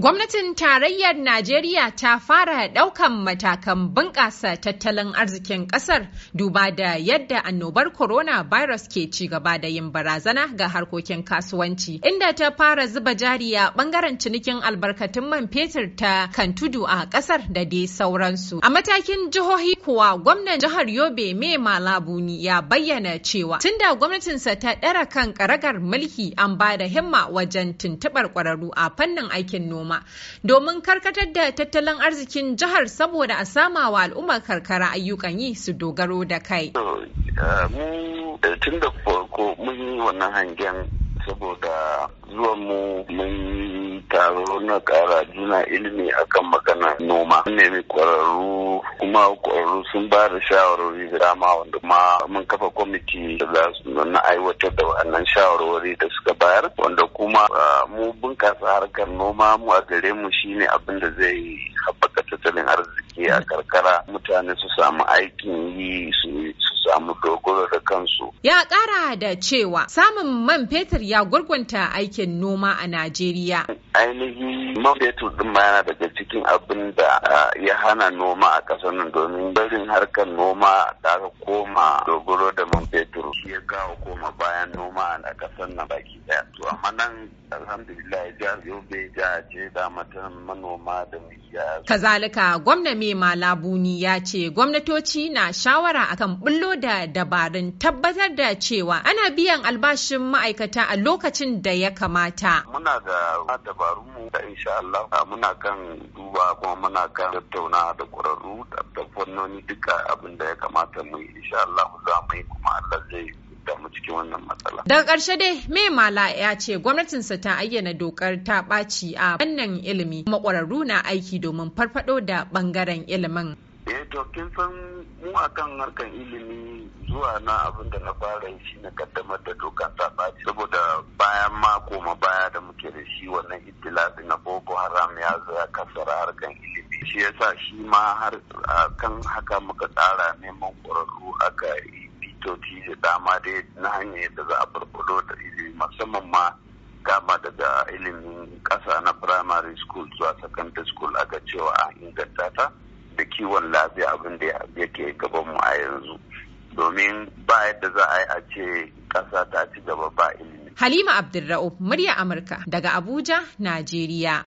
Gwamnatin tarayyar Najeriya ta fara ɗaukan matakan bunƙasa tattalin arzikin ƙasar duba da yadda annobar Corona Virus ke ci gaba da yin barazana ga harkokin kasuwanci inda ta fara zuba jari a ɓangaren cinikin albarkatun man fetur ta kan tudu a ƙasar da dai sauransu. A matakin jihohi kuwa gwamnan jihar Yobe Mai Malabuni ya bayyana cewa tunda gwamnatinsa ta ɗara kan ƙaragar mulki an ba da himma wajen tuntuɓar ƙwararru a fannin aikin noma. al'umma domin karkatar da tattalin arzikin jihar saboda a sama wa al'ummar karkara ayyukan yi su dogaro da kai. Eh, mu eh, tun da farko mun yi wannan hangen saboda zuwan mu mun taro na kara juna ilimi akan magana noma mun nemi kwararru kuma kwararru sun ba da shawarwari da dama wanda ma mun kafa kwamiti da na aiwatar da wannan shawarwari da suka bayar wanda kuma mu bunƙasa harkar noma mu a gare mu shine abin da zai haɓaka tattalin arziki a karkara mutane su samu aikin yi su samu dogoro da kansu. Ya ƙara da cewa samun man fetur ya gurgunta aikin noma a Najeriya. Ainihi man fetur din ma yana daga cikin abin da ya hana noma a ƙasar nan domin barin harkar noma da aka koma dogoro da man fetur ya kawo koma bayan noma a ƙasar nan baki ɗaya. nan alhamdulillah jihar yobe ga ce da matan manoma da miya kazalika gwamna mai malabuni ya ce gwamnatoci na shawara akan bullo da dabarun tabbatar da cewa ana biyan albashin ma'aikata a lokacin da ya kamata muna da mu da insha Allah muna kan duba kuma muna kan tattauna da ƙwararru da fannoni duka abin da ya kamata mu yi insha Allah za mu yi kuma Allah zai cikin wannan matsala. Daga ƙarshe dai me mala ya ce gwamnatinsa ta ayyana dokar ta ɓaci a wannan ilimi kuma ƙwararru na aiki domin farfado da ɓangaren ilimin. Eh to kin san mu akan harkan ilimi zuwa na abin da na fara yi shi na kaddamar da doka ta ɓaci saboda bayan mako ma baya da muke da shi wannan itilafi na Boko Haram ya zo ya kasara harkan ilimi. Shi yasa shi ma har kan haka muka tsara neman ƙwararru aka yi likitoci da dama dai na hanyar da za a farfado da ilimi musamman ma gama daga ilimin ƙasa na primary school zuwa secondary school a ga cewa a inganta ta da kiwon lafiya abin da yake gaban mu a yanzu domin ba yadda za a yi a ce ƙasa ta ci gaba ba ilimi. Halima abdulra'u murya Amurka daga Abuja, Najeriya.